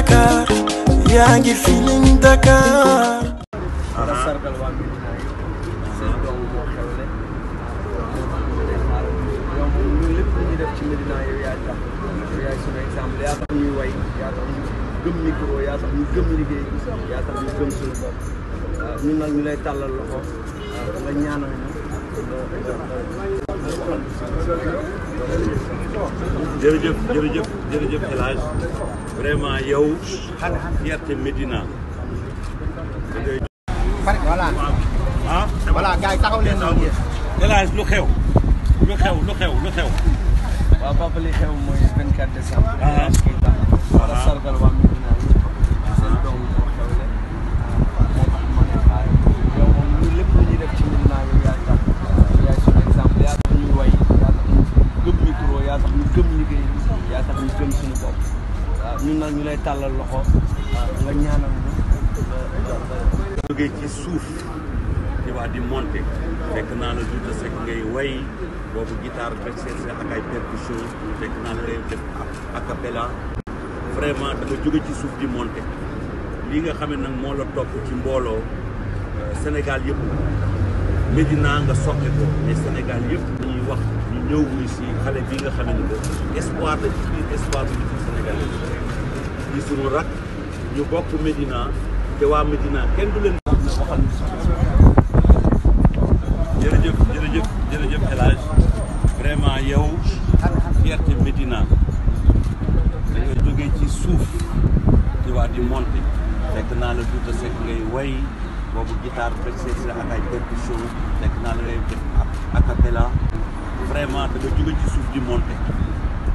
Dakar yaa ngi Feeling Dakar. nga sargal waa bi seen doomu moo xewle donc ñun lépp lu ñuy def ci Medina yow yaa tax yow yaay sunu exemple yaa tax ñuy way yaa tax ñu gëm micro yaa tax ñu gëm liggéey yaa tax ñu gëm suñu bopp ñun nag ñu lay tàllal loxo nga ñaanal ñu. jërëjëf jërëjëf jërëjëf El Hadj vraiment yow fierté Médina. voilà ah. voilà gars yi taxaw leen noonu El Hadj lu xew. lu xew lu xew lu xew. waaw papa li xew mooy 24 décembre. ah ah. wala sargal waa ñu suñu bopp. ñun nag ñu lay tàllal loxo. nga ñaanal ñu. jógee ci suuf di wax di monter fekk naa la Douta Seck ngay way boobu guitare rek seen ak ay percussion fekk naa la ngay def a cappella vraiment dafa jóge ci suuf di monter lii nga xam ne nag moo la topp ci mbooloo euh, Sénégal yëpp Médina nga soqe yëpp dañuy wax ñu ñëw muy si xale bi nga xam ne espoir la histoire politique di suñu rak ñu bokk Médina te waa Médina kenn du leen waxal jërëjëf jërëjëf jërëjëf El Hadj vraiment yow fierté Médina dangay jógee ci suuf di waa di monté fekk naa la Douta Seck ngay way boobu guitare fekk see si ak ay percussion naa la ngay def acapella vraiment danga jóge ci suuf di monté